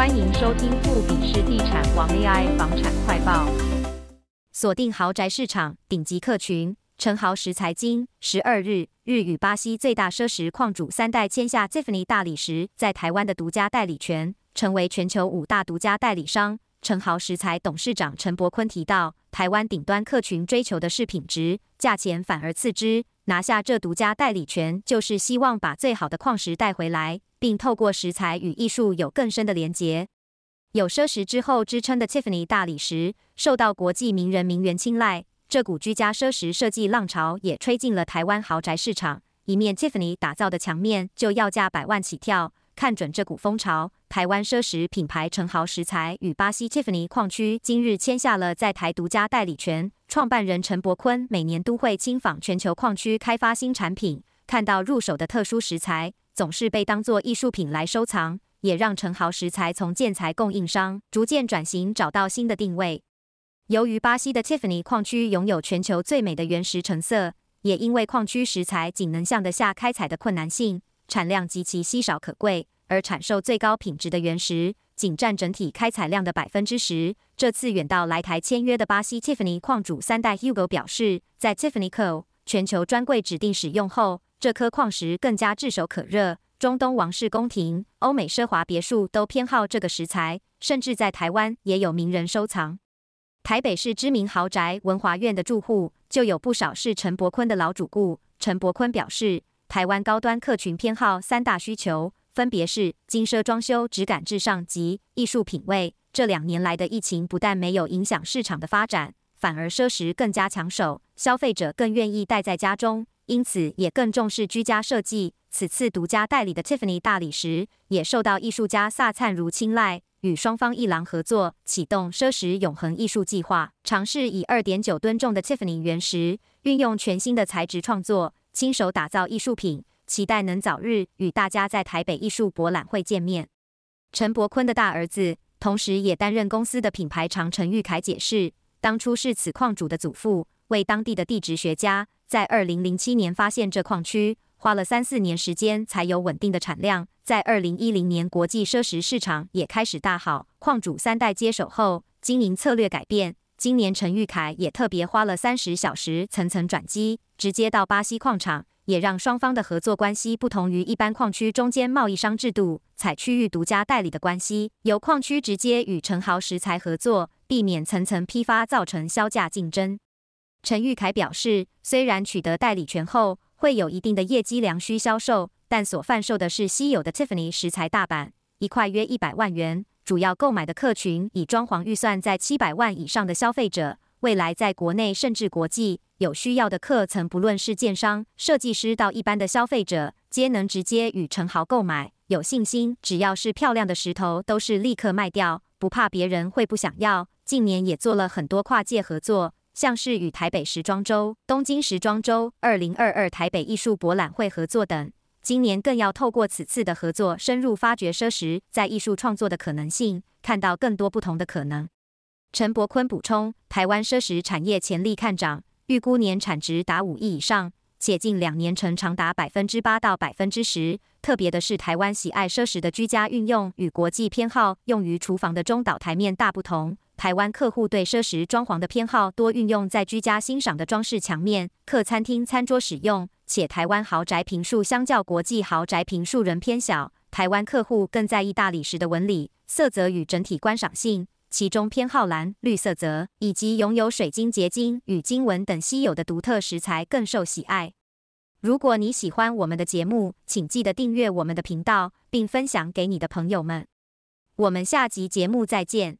歡迎收聽富比士地產王 AI 房產快報，鎖定豪宅市場頂級客群。承豪石材經十二日日與巴西最大奢石礦主三代簽下 Tiffany 大理石在台灣的獨家代理權，成為全球五大獨家代理商。承豪石材董事長陳博崑提到，台灣頂端客群追求的是品質，價錢反而次之。拿下這獨家代理權，就是希望把最好的礦石帶回來，並透過石材與藝術有更深的連結。有“奢石”之後之稱的 Tiffany 大理石，受到國際名人名媛青睞，這股居家奢石設計浪潮也吹進了台灣豪宅市場。一面 Tiffany 打造的牆面，就要價百萬起跳。看準這股風潮，台灣奢侈品牌承豪石材與巴西 Tiffany 礦區今日簽下了在台獨家代理權。創辦人陳博崑每年都會親訪全球礦區開發新產品。看到入手的特殊石材，總是被當作藝術品來收藏，也讓承豪石材從建材供應商逐漸轉型，找到新的定位。由於巴西的 Tiffany 礦區擁有全球最美的原石成色，也因為礦區石材僅能向得下開採的困難性。產量極其稀少可貴，而產售最高品質的原石僅占整體開採量的百分之十。這次遠道來台簽約的巴西 Tiffany 礦主三代 Hugo 表示，在 Tiffany Co. 全球專櫃指定使用後，這顆礦石更加炙手可熱。中東王室宮廷、歐美奢華別墅都偏好這個石材，甚至在台灣也有名人收藏。台北市知名豪宅文華苑的住戶就有不少是陳博崑的老主顧。陳博崑表示。台灣高端客群偏好三大需求，分別是精奢裝修、質感至上及藝術品味。這兩年來的疫情不但沒有影響市場的發展，反而奢石更加搶手，消費者更願意待在家中，因此也更重視居家設計。此次獨家代理的 Tiffany 大理石也受到藝術家薩燦如青睞，與雙方一郎合作啟動奢石永恆藝術計劃，嘗試以二點九噸重的 Tiffany 原石，運用全新的材質創作。親手打造藝術品，期待能早日與大家在台北藝術博覽會見面。陳博崑的大兒子，同時也擔任公司的品牌長陳昱愷解釋，當初是此礦主的祖父為當地的地質學家，在二零零七年發現這礦區，花了三四年時間才有穩定的產量。在二零一零年國際奢石市場也開始大好，礦主三代接手後，經營策略改變。今年陳昱愷也特別花了三十小時層層轉機，直接到巴西礦場，也讓雙方的合作關係不同於一般礦區中間貿易商制度，採區域獨家代理的關係，由礦區直接與承豪石材合作，避免層層批發造成削價競爭。陳昱愷表示，雖然取得代理權後會有一定的業績量需銷售，但所販售的是稀有的 Tiffany 石材大板。一塊約一百萬元，主要購買的客群以裝潢預算在七百萬以上的消費者。未來在國內甚至國際有需要的客層，不論是建商、設計師到一般的消費者，皆能直接與承豪購買。有信心，只要是漂亮的石頭，都是立刻賣掉，不怕別人會不想要。近年也做了很多跨界合作，像是與台北時裝週、東京時裝週、二零二二台北藝術博覽會合作等。今年更要透過此次的合作，深入發掘奢石在藝術創作的可能性，看到更多不同的可能。陳博崑補充，台灣奢石產業潛力看漲，預估年產值達五億以上，且近兩年成長達百分之八到百分之十。特別的是，台灣喜愛奢石的居家運用與國際偏好用於廚房的中島台面大不同。台灣客戶對奢石裝潢的偏好，多運用在居家欣賞的裝飾牆面、客餐廳餐桌使用。且台灣豪宅坪數相較國際豪宅坪數仍偏小，台灣客戶更在意大理石的紋理、色澤與整體觀賞性，其中偏好藍綠色澤以及擁有水晶結晶與金紋等稀有的獨特石材更受喜愛。如果你喜歡我們的節目，請記得訂閱我們的頻道，並分享給你的朋友們。我們下集節目再見。